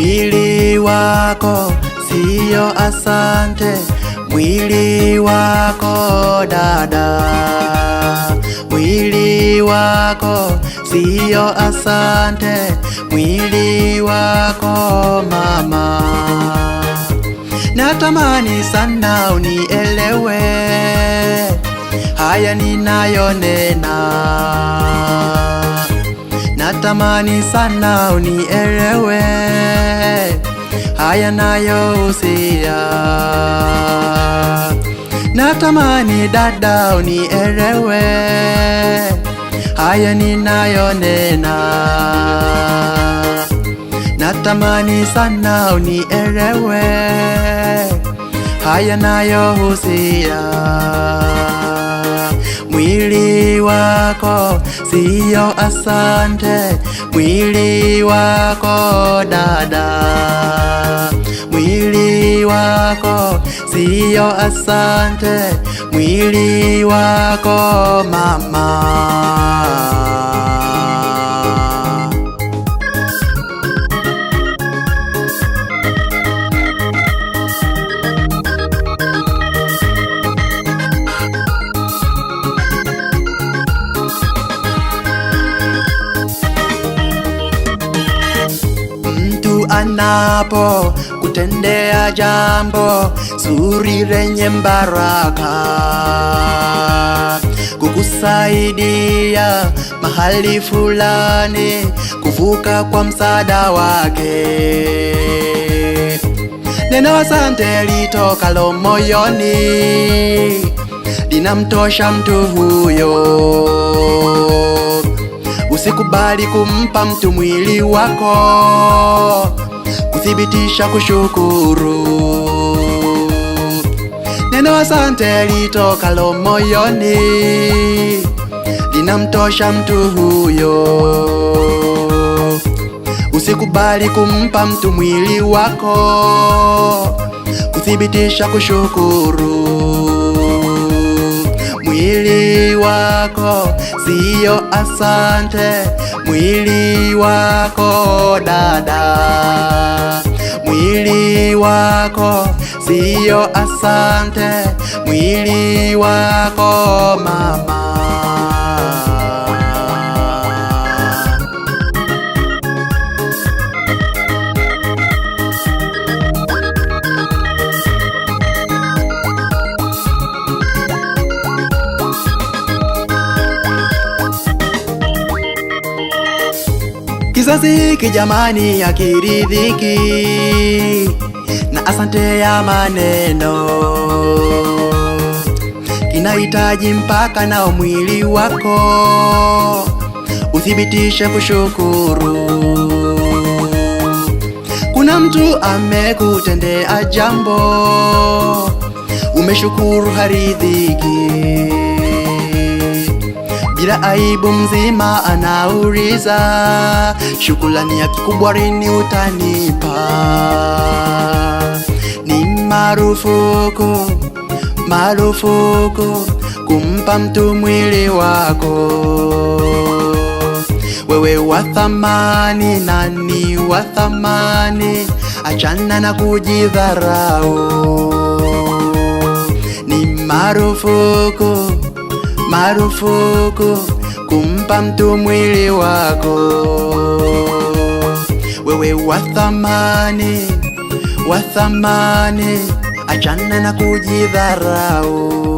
Mwili wako siyo asante, mwili wako dada, mwili wako siyo asante, mwili wako mama. Natamani sana unielewe haya ninayonena natamani sana unielewe haya nayo usia, natamani dada unielewe haya ninayonena, natamani sana unielewe haya nayo usia mwili wako siyo asante mwili wako dada, mwili wako siyo, asante mwili wako mama panapo kutendea jambo zuri lenye mbaraka, kukusaidia mahali fulani, kuvuka kwa msaada wake. Neno asante litokalo moyoni linamtosha mtu huyo. Usikubali kumpa mtu mwili wako kuthibitisha kushukuru. Neno asante litokalo moyoni linamtosha mtu huyo. Usikubali kumpa mtu mwili wako kuthibitisha kushukuru mwili wako sio asante. Mwili wako dada, mwili wako sio asante. Mwili wako mama Kizazi kijamani jamani, na asante ya maneno, kinahitaji mpaka na mwili wako uthibitishe kushukuru. Kuna mtu amekutendea jambo, umeshukuru, haridhiki bila aibu, mzima anauliza, shukrani ya kikubwa lini utanipa? Ni marufuku, marufuku kumpa mtu mwili wako wewe wa thamani, ni wa thamani? Achana na kujidharau, ni marufuku marufuku kumpa mtu mwili wako. Wewe wa thamani, wa thamani, achana na kujidharau.